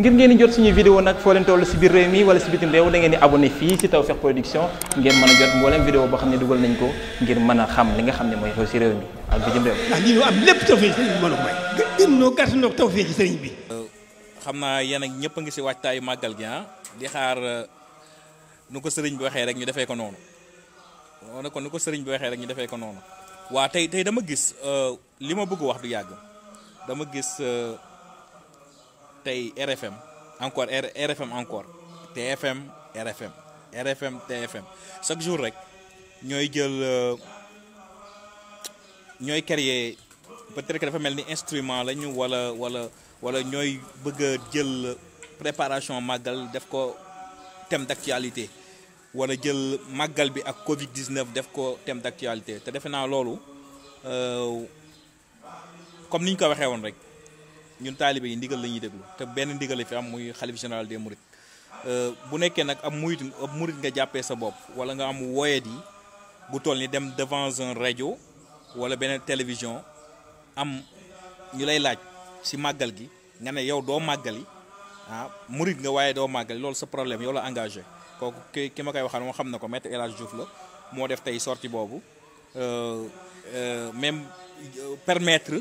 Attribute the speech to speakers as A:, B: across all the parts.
A: ngir ngeen di jot suñu vidéo nag foo leen toll si biir réew mi wala si bitim réew da di abonné fii si Tawfekh Production ngeen mën a jot mboolem vidéo boo xam ne dugal nañ ko ngir mën a xam li nga ne mooy xew si réew mi ak bitim réew. ndax lii ñu am lépp tawfeex ci sëriñ bi a may. gën noo gàtt noo tawfeex ci sëriñ bi. Euh, xam naa yéen ak ñëpp a ngi si waajtaayu màggal gi ah di xaar euh, nu ko sëriñ bi waxee rek ñu defee ko noonu wala kon nu ko sëriñ bi waxee rek ñu defee ko noonu waa tey tey dama gis euh, li ma bugg wax du yàgg dama gis tey RFM encore RFM encore TFM RFM RFM TFM chaque jour rek ñooy jël euh, ñooy créer peut-être que dafa mel ni instrument lañu wala wala wala ñooy bëgg a jël préparation màggal def ko thème d'actualité wala jël màggal bi ak Covid 19 def ko thème d'actualité te defe naa loolu euh, comme ni ñu ko waxee woon rek. ñun taalibe yi ndigal la ñuy déglu te benn ndigal la fi am muy xalif général des mourides euh, bu nekkee nag ab murit nga jàppee sa bopp wala nga am woyat yi bu toll ni dem devant un rajo wala beneen télévision am ñu lay laaj si màggal gi nga ne yow doo màggali ah murit nga waaye doo màggali loolu sa problème yow la engagé kooku ki ma koy waxal moo xam na ko maître El Hadj la moo def tey sorti boobu euh, euh, même permettre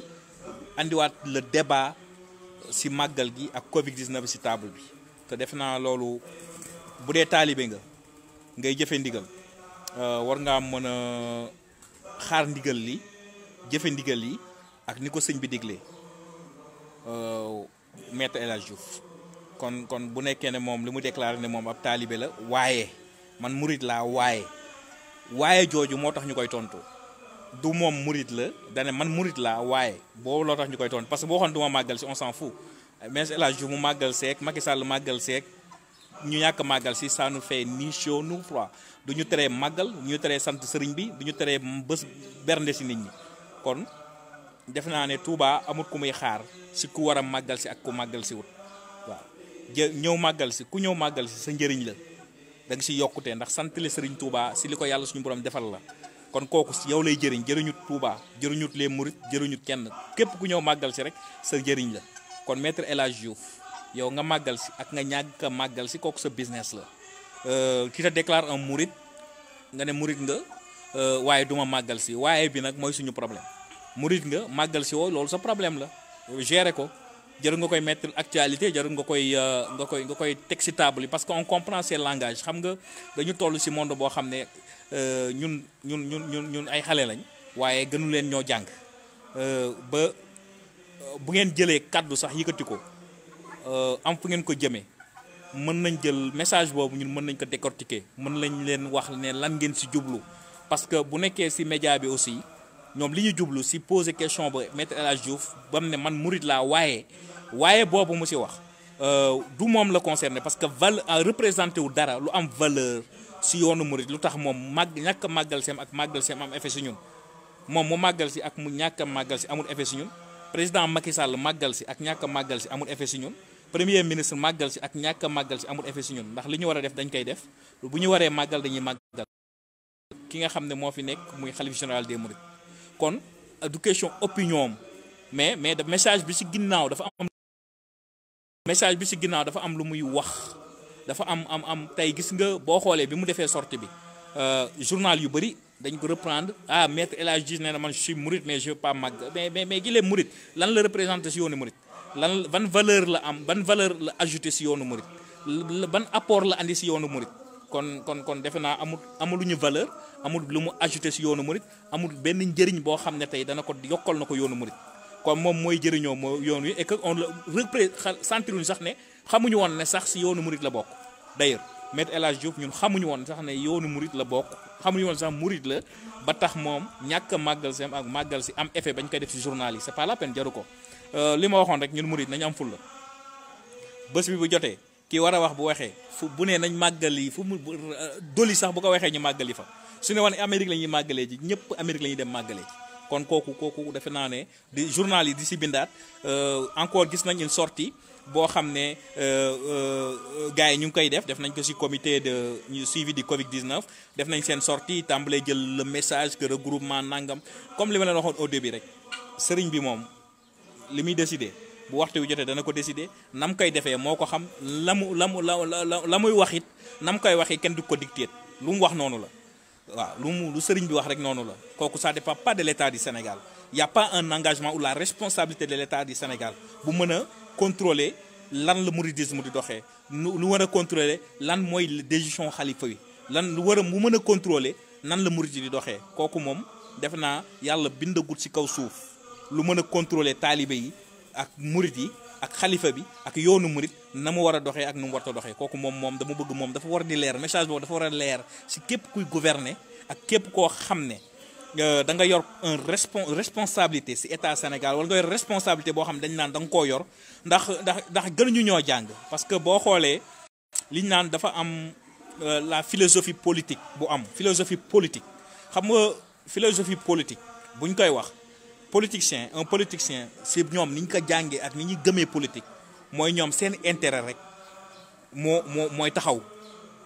A: indiwaat le débat si màggal gi ak Covid 19 si table bi te def naa loolu bu dee taalibe nga ngay jëfe ndigal euh, war ngaa mën a xaar ndigal li jëfe ndigal li ak ni ko sëñ bi diglee euh, maître El Hadj Diouf kon kon bu nekkee ne moom li mu déclaré ne moom ab taalibe la waaye man murit laa waaye waaye jooju moo tax ñu koy tontu. du moom murit la dane man murit laa waaye boobu loo tax ñu koy toon parce que boo xoon du ma màggal si on s'en fout mais El Hadji Diouf mu màggal seek Macky Sall màggal seek ñu ñàkk màggal si ça nous fait ni chaud ni du ñu teree màggal ñu teree sant sëriñ bi du ñu teree bés bernde si nit ñi kon def naa ne Touba amut ku muy xaar si ku war a màggal si ak ku màggal si wut waaw ñëw màggal si ku ñëw màggal si sa njëriñ la da si yokkute ndax sant le sëriñ Touba si li ko yàlla suñu borom defal la kon kooku si yow lay jëriñ jëriñut Touba jëriñut les Mourides jëriñut kenn képp ku ñëw màggal si rek sa jëriñ la kon maître El Hadj yow nga màggal si ak nga ñàkk a màggal si kooku sa business la euh, ki te déclare un Mouride nga ne Mouride nga euh, waaye duma màggal si waaye bi nag mooy suñu problème Mouride nga màggal si woo loolu sa problème la gere ko. jarul nga koy mettre actualité jarul nga koy euh, nga koy nga koy teg si table yi parce que on comprend ces langages xam nga dañu toll si monde boo xam ne euh, ñun ñun ñun ñun ñun ay xale lañ waaye gënu leen ñoo jàng euh, ba bu ngeen jëlee kàddu sax yëkkati ko am fu ngeen ko jëmee mën nañ jël message boobu ñun mën nañ ko décortiquer mën lañ leen wax ne lan ngeen si jublu parce que bu nekkee si média bi aussi ñoom li ñu jublu si poser question ba maître El Hadj Diouf ba ne man murit laa waaye waaye boobu mu si wax euh, du moom la concerné parce que val euh, représenté wu dara lu am valeur si yoonu murit lu tax moom màgg ñàkk màggal seem ak màggal seem am effet si ñun moom mu màggal si ak mu ñàkk a màggal si amul effet si ñun président Macky Sall màggal si ak ñàkk màggal si amul effet si ñun premier ministre màggal si ak ñàkk a màggal si amul effet si ñun ndax li ñu war a def dañ koy def bu ñu waree màggal dañuy màggal ki nga xam ne moo fi nekk muy xalif général des mourides kon euh, du question opinion mais mais message bi si ginnaaw message bi ci ginnaaw dafa am lu muy wax dafa am am am tey gis nga boo xoolee bi mu defee sortie bi euh, journal yu bari dañ ko reprendre ah maître El Hadji nee na man je suis mouride mais je veux pas màgg mais mais mais gilee mouride lan la représenté si yoonu mouride lan ban valeur la am ban valeur la ajouté si yoonu mouride ban apport la indi si yoonu mouride kon kon kon defe naa amul amuluñu valeur amul lu mu ajouté si yoonu mouride amul benn njëriñ boo xam ne tey dana ko yokkal na ko yoonu mouride comme moom mooy jëriñoo moo yoon wi et que on le représente sentiruñu sax ne xamuñu woon ne sax si yoonu murit la bokk d'ailleurs Maître El Hadj Diouf ñun xamuñu woon sax ne yoonu murit la bokk xamuñu woon sax murit la ba tax moom ñàkk a màggal si ak màggal si am effet bañ koy def si journal yi c'est pas la peine jaru ko euh, li ma waxoon rek ñun murit nañ am fulla bés bi bu jotee kii war a wax bu waxee fu bu nee nañ màggal yi fu mu euh, doli sax bu ko waxee ñu màggali fa su ne woon Amérique la ñuy màggalee ji ñëpp Amérique la ñuy dem màggalee ji kon kooku kooku defe naa ne di journal yi di si bindaat euh, encore gis nañ sorti boo xam ne euh, euh, gars yi ñu ngi koy def def nañ ko si comité de suivi du Covid 19 def nañ seen sortie tàmbalee jël le message que regroupement nangam comme li ma leen waxoon au début rek sëriñ bi moom li muy décidé bu waxtu wi jotee dana ko décidé nam koy defee moo ko xam la mu la mu la la la muy wax it nam koy waxee kenn du ko dicté lu mu wax noonu la. waaw lu mu lu sëriñ bi wax rek noonu la kooku ça dépend pas de l'état du Sénégal y a pas un engagement ou la responsabilité de l'état du Sénégal bu mën a contrôler lan la mouridisme di doxee lu war a contrôler lan mooy décision xalifa yi lan lu war a mu mën a contrôler nan la murid di doxee kooku moom def naa yàlla bind bindagul si kaw suuf lu mën a contrôler taalibe yi ak murid yi ak xalifa bi ak yoonu murit na mu war a doxee ak nu mu war doxee kooku moom moom dama bëgg moom dafa war di leer message boobu dafa war a leer si képp kuy gouverner ak képp koo xam ne euh, da nga yor un responsabilité si état Sénégal wala nga yor responsabilité boo xam dañ naan danga koo yor ndax ndax ndax gënuñu ñoo jàng parce que boo xoolee liñ naan dafa am euh, la philosophie politique bu am philosophie politique xam nga philosophie politique buñ koy wax. politicien un politicien si ñoom ni ñu ko jàngee ak ni ñuy gëmee politique mooy ñoom seen intérêt rek moo moo mooy taxaw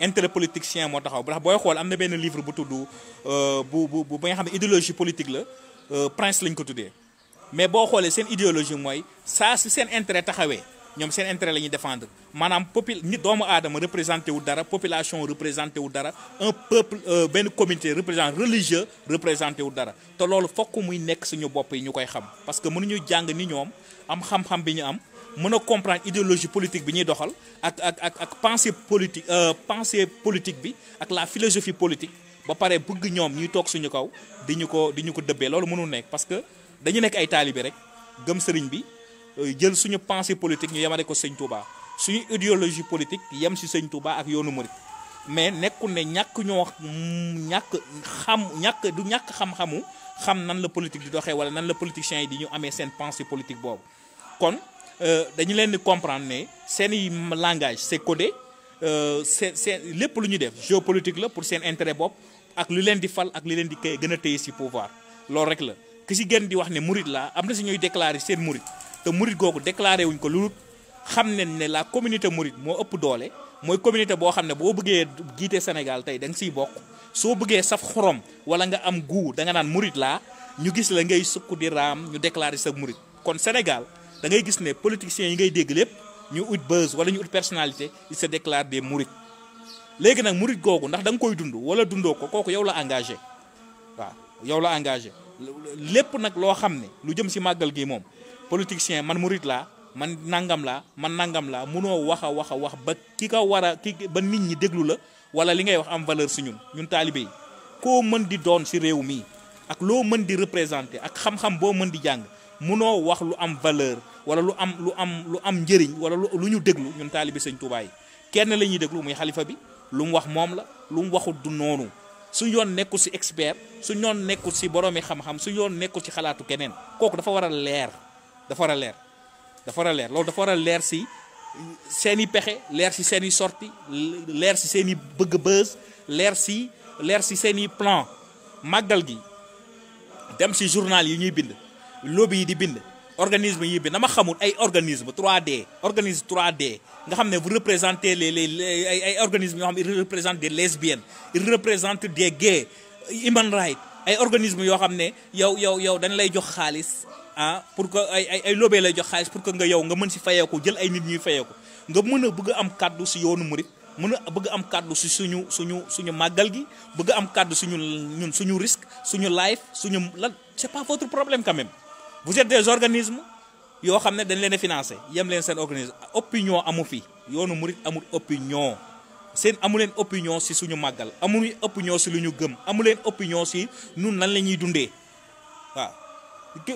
A: intérêt politicien moo taxaw ndax booy xool am na benn livre bu tudd euh, bu bu bu ba nga xam ne idéologie politique la euh, prince lañ ko tuddee mais boo xoolee seen idéologie mooy saa si seen intérêt taxawee. ñoom seen intérêt la ñuy défendre maanaam popul ñi doomu aadama représenté wu dara population représenté wu dara un peuple euh, benn communauté représent religieux représenté wu dara te loolu fokk muy nekk suñu bopp yi ñu koy xam parce que mënuñu jàng ni ñoom am xam-xam bi ñu am mën a comprendre idéologie politique bi ñuy doxal ak ak ak ak pensée politique euh, pensée politique bi ak la philosophie politique ba pare bëgg ñoom ñuy toog suñu kaw di ñu ko di ñu ko dëbbee loolu mënul nekk parce que dañu nekk ay taalibe rek gëm sëriñ bi Euh, jël suñu pensée politique ñu yemale ko sëñ Touba suñu idéologie politique yem si sëñ Touba ak yoonu murit mais nekkul ne ñàkk ñoo ñàkk xam ñàkk du ñàkk xam-xamu xam nan la politique di doxee wala nan la politiciens yi di ñu amee seen pensée politique boobu kon euh, dañu leen di comprendre ne seen i langage c'est codé euh, seen seen lépp lu ñu def géopolitique la pour seen intérêt bopp ak lu leen di fal ak li leen di koy gën a téye si pouvoir loolu rek la ki si gën di wax ne murit laa am na si ñuy déclarer seen murit te murit googu déclaré wuñ ko lu xam nañ ne la communité murit moo ëpp doole mooy communité boo xam ne boo buggee giite Sénégal tey danga siy bokk soo bëggee saf xorom wala nga am guu da nga naan murit laa ñu gis la ngay sukk di raam ñu déclaré sa murit kon Sénégal da ngay gis ne politiciens yi ngay dégg lépp ñu ut buzz wala ñu ut personnalité ils sa déclarent des murit léegi nag murit googu ndax da nga koy dund wala dundoo ko kooku yow la engagé waaw yow la engagé lépp nag loo xam ne lu jëm si màggal gi moom politicien man murit laa man nangam laa man nangam laa munoo wax a wax a wax ba ki ka war a ki ba nit ñi déglu la wala li ngay wax am valeur si ñun ñun taalibe yi koo mën di doon si réew mi ak loo mën di représenter ak xam-xam boo mën di jàng mënoo wax lu am valeur wala lu am lu am lu am njëriñ wala lu ñu déglu ñun taalibe sëñ Tuubaa kenn la ñuy déglu muy xalifa bi lu mu wax moom la lu mu waxut du noonu su yoon nekkul si expert su yoon nekkul si boroomi xam-xam su yoon nekkul si xalaatu keneen kooku dafa war a leer. dafa war a leer dafa a leer loolu dafa war a leer si seeni pexe leer si seeni i sorti leer si seen bëgg-bëz leer si leer si seeni i plan màggal gi dem si journal yi ñuy bind lobby yi di bind organisme yi bind dama xamul ay organisme 3D organisme trois d nga xam ne vous représentez les les ay ay organismes yoo xam ne ils représentent des lesbiennes ils représentent de gays human rights ay organisme yoo xam ne yow yow yow dañ lay jox xaalis ah pour que ay ay ay lay jox xaalis pour que nga yow nga mën si fayeeku jël ay nit ñuy fayeeku nga mën a bëgg am kàddu si yoonu murit mën a bëgg am kàddu si suñu suñu suñu màggal gi bëgg am kàddu suñu ñun suñu risque suñu life suñu lan c'est pas votre problème quand même vous êtes des organismes yoo xam ne dañ leen a financé yem leen seen organisme opinion amu fi yoonu murit amul opinion seen amu leen opinion si suñu màggal amu leen opinion si lu ñu gëm amu leen opinion si nun nan la ñuy dundee waaw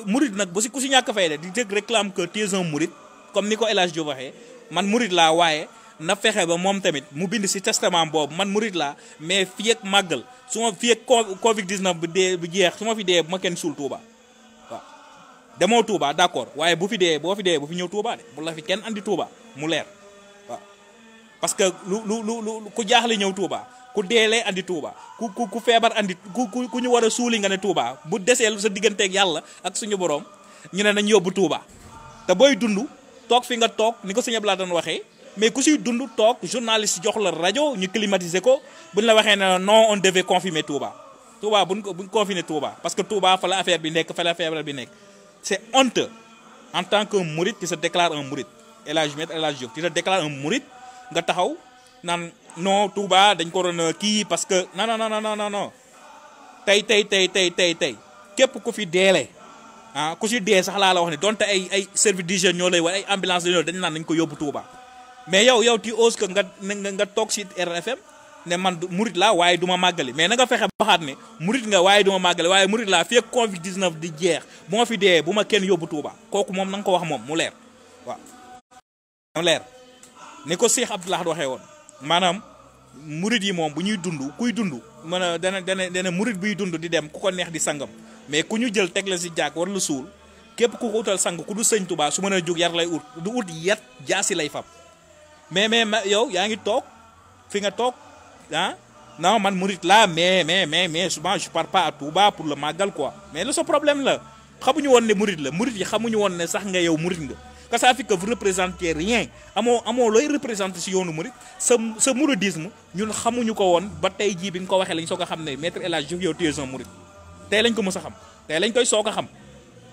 A: murid nag ba si ku si ñàkk fay de di dégg réclame que t'es un murid comme ni ko El Hadj Diouf waxee man murid laa waaye na fexe ba moom tamit mu bind si testament boobu man murid laa mais fii màggal su ma fii ak Covid 19 dee bu jeex su ma fi dee bu ma kenn suul Touba waaw demoo Touba d' accord waaye bu fi dee boo fi dee bu fi ñëw Touba de bu la fi kenn andi Touba mu leer waaw parce que lu lu lu ku jaaxle ñëw tuuba ku deelee andi Touba ku ku ku feebar andi ku ku ku ñu war a suuli nga ne Touba bu deseel sa digganteek yàlla ak suñu boroom ñu ne nañ yóbbu tuuba te booy dund toog fi nga toog ni ko sëñ laa doon waxee mais ku siy dund toog journaliste jox la rajo ñu climatiser ko buñ la waxee ne non on devait confirmer Touba Touba buñ ko buñ confiner Touba parce que Touba fa la affaire bi nekk fa la feebar bi nekk c' est honteux en tant que mouride qui se déclare un mouride El Hadj Maître El Hadj nga taxaw non Touba dañ ko doon euh, kii parce que non non non non non tey tey tey tey tey tey képp ku fi deelee ah ku si dee sax laa la wax ne donte ay ay service d'hygiène ñoo lay wala ay ambulance dañoo dañ naan nañ ko yóbbu Touba mais yow yow ti oses que nga nga toog si RFM ne man murit laa waaye duma ma màggali mais na nga fexe baxaat ne murit nga waaye du ma màggali waaye murit laa fekk Covid 19 di jeex bu fi dee bu ma kenn yóbbu tuuba kooku moom na ko wax moom mu leer waaw mu leer ni ko woon. maanaam murit yi moom bu ñuy dund kuy dund mën a dana dana dana murit buy dund di dem ku ko neex di sangam mais ku ñu jël teg la si jàkk war la suul képp ku ko utal sang ku du sëñ Tuubaa su mën a jóg yar lay ut du ut yat jaasi lay fab mais mais yow yaa ngi toog fi nga toog ah non man murit laa mais mais mais mais souvent je pars pas à Touba pour le màggal quoi mais le sa problème la xamuñu woon ne murit la murit yi xamuñu woon ne sax nga yow murit nga. que ça fait que vous représentez rien amoo amoo looy représenté si yoonu murit sa sa mouridisme ñun xamuñu ko woon ba tey jii bi nga ko waxee lañ soog a xam ne maître El Hadj Diouf yow tu murit tey lañ ko mës a xam tey lañ koy soog a xam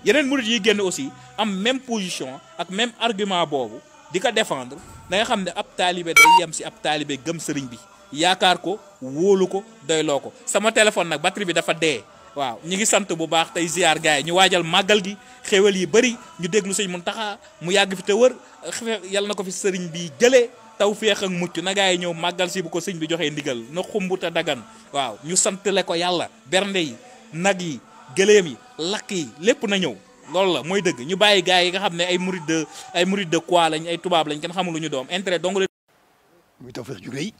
A: yeneen murit yi génn aussi am même position ak même argument boobu di ko défendre da xam ne ab taalibe day yem si ab taalibee gëm sëriñ bi yaakaar ko wóolu ko doyloo ko sama téléphone nag batterie bi dafa dee. waaw ñi ngi sant bu baax tey ziar gars yi ñu waajal màggal gi xéwal yi bëri ñu déglu sëñ Muntaxa mu yàgg fi te wër yàlla na ko fi sëriñ bi jëlee taw féex ak mucc nagaa yi ñëw màggal si bu ko sëñ bi joxee ndigal na xumb te dagan waaw ñu santale ko yàlla bernde yi nag yi gëléem yi lakk yi lépp na ñëw loolu la mooy dëgg ñu bàyyi gars yi nga xam ne ay murid de ay murid de quoi lañ ay tubaab lañ kenn xamul lu ñu doom intérêt dong muy taw ju rëy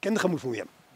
A: kenn xamul fu